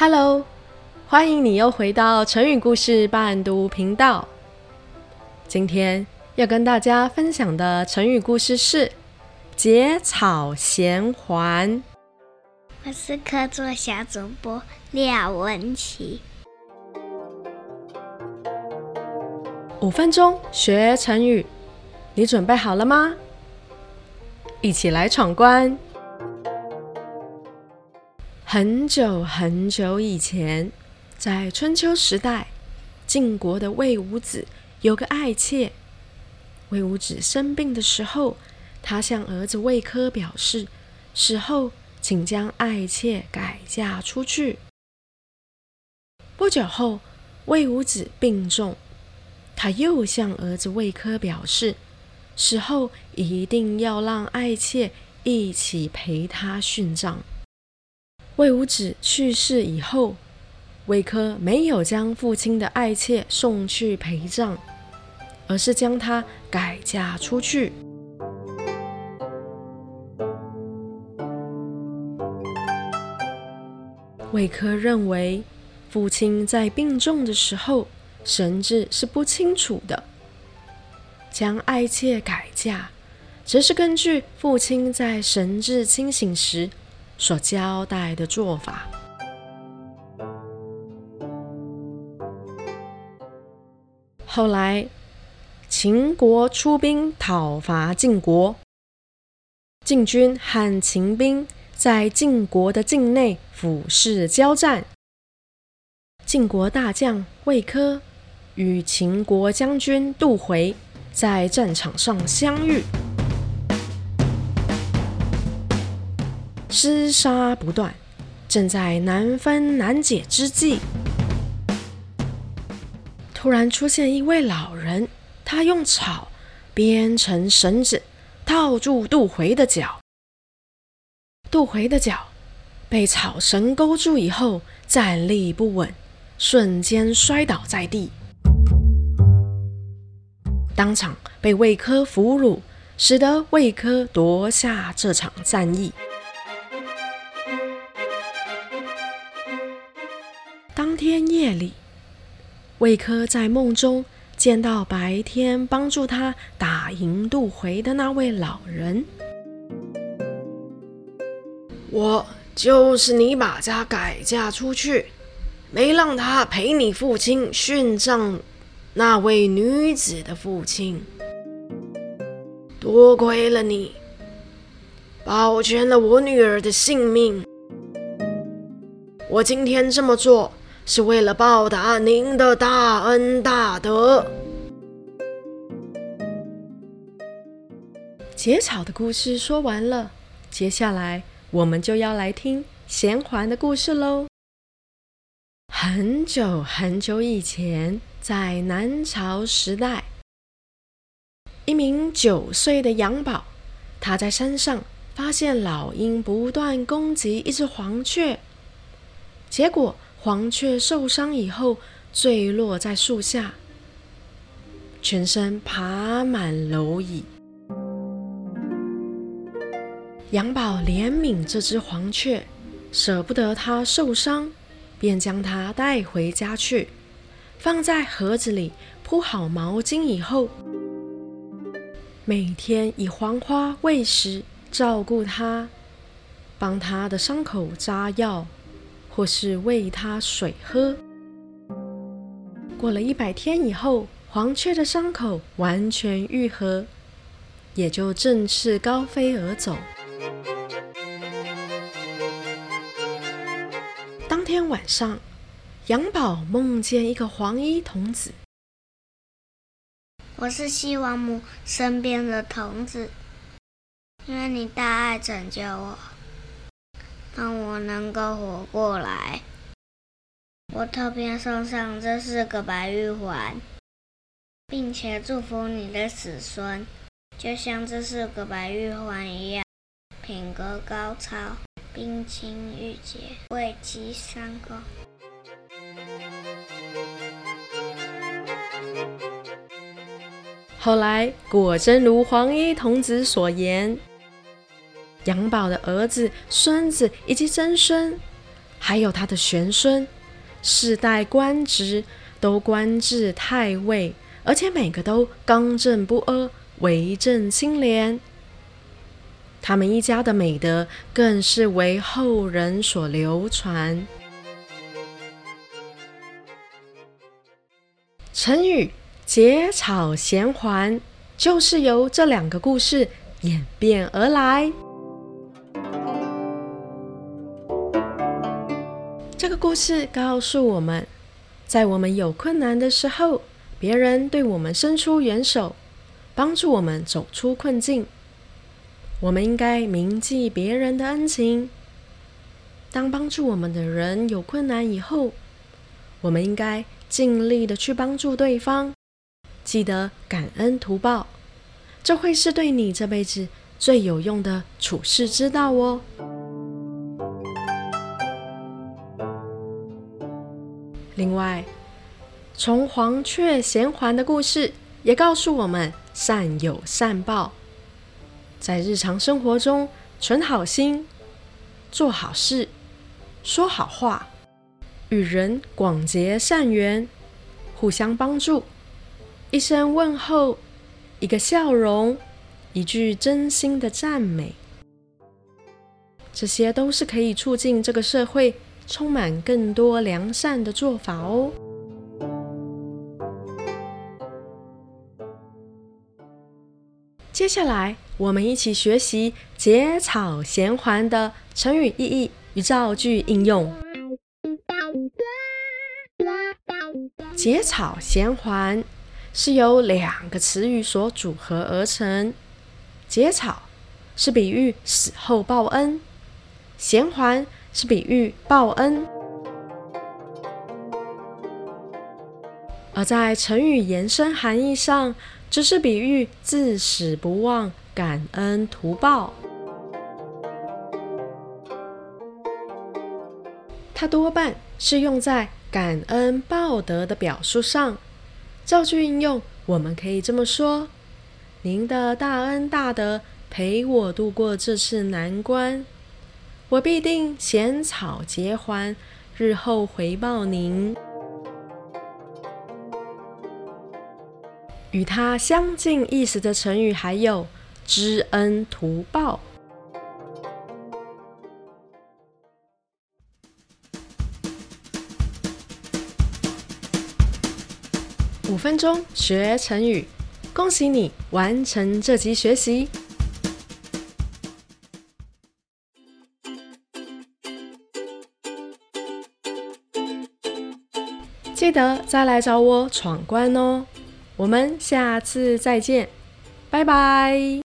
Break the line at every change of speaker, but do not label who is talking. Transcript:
Hello，歡迎你又回到成語故事伴讀頻道。今天要跟大家分享的成語故事是“結草銜環”。我是客座小主播廖文琪。五分鐘學成語，你準備好了嗎？一起來闖關！很久很久以前，在春秋時代，晉國的魏武子有個愛妾。魏武子生病的時候，他向兒子魏顆表示，死後請將愛妾改嫁出去。不久後，魏武子病重，他又向兒子魏顆表示，死後一定要讓愛妾一起陪他殉葬。魏武子去世以後，魏顆沒有將父親的愛妾送去陪葬，而是將她改嫁出去。魏顆認為，父親在病重的時候，神誌是不清楚的，將愛妾改嫁，則是根據父親在神誌清醒時所交代的做法。後來，秦國出兵討伐晉國，晉軍和秦兵在晉國的境內俯視交戰，晉國大將魏科與秦國將軍杜回在戰場上相遇。廝殺不斷，正在難分難解之際，突然出現一位老人。他用草編成繩子，套住杜回的腳。杜回的腳被草繩勾住以後，站立不穩，瞬間摔倒在地，當場被魏顆俘虜，使得魏顆奪下這場戰役。當天夜裡，魏顆在夢中見到白天幫助他打贏杜回的那位老人。我就是你把她改嫁出去，沒讓她陪你父親殉葬那位女子的父親。多虧了你，保全了我女兒的性命。我今天這麼做。是為了報答您的大恩大德。結草的故事說完了，接下來我們就要來聽銜環的故事嘍。很久很久以前，在南朝時代，一名九歲的楊寶，他在山上發現老鷹不斷攻擊一隻黃雀，結果黃雀受傷以後，墜落在樹下，全身爬滿螻蟻。楊寶憐憫這隻黃雀，捨不得它受傷，便將它帶回家去，放在盒子裡，鋪好毛巾以後，每天以黃花餵食，照顧它，幫它的傷口紮藥。或是餵它水喝。過了一百天以後，黃雀的傷口完全愈合，也就正式高飛而走。當天晚上，楊寶夢見一個黃衣童子：“我是西王母身邊的童子，因為你大愛拯救我。”讓我能夠活過來。我特別送上這四個白玉環，並且祝福你的子孫，就像這四個白玉環一樣，品格高超，冰清玉潔，位極三公。後來果真如黃衣童子所言。楊寶的兒子、孫子以及曾孫，還有他的玄孫，世代官職都官至太尉，而且每個都剛正不阿、為政清廉。他們一家的美德更是為後人所流傳。成語“結草銜環”就是由這兩個故事演變而來。故事告訴我們，在我們有困難的時候，別人對我們伸出援手，幫助我們走出困境，我們應該銘記別人的恩情。當幫助我們的人有困難以後，我們應該盡力地去幫助對方，記得感恩圖報，這會是對你這輩子最有用的處世之道哦。另外，從黃雀銜環的故事也告訴我們：善有善報。在日常生活中，存好心，做好事，說好話，與人廣結善緣，互相幫助，一聲問候，一個笑容，一句真心的讚美，這些都是可以促進這個社會充滿更多良善的做法哦。接下來，我們一起學習“結草銜環”的成語意義與造句應用。“結草銜環”是由兩個詞語所組合而成，“結草”是比喻死後報恩，“銜環”。是比喻報恩，而在成語延伸含義上，只是比喻至死不忘感恩圖報。它多半是用在感恩報德的表述上。造句運用，我們可以這麼說：您的大恩大德，陪我度過這次難關。我必定銜草結環，日後回報您。與它相近意思的成語還有“知恩圖報”。五分鐘學成語，恭喜你完成這集學習。記得再來找我闖關哦。我們下次再見，拜拜。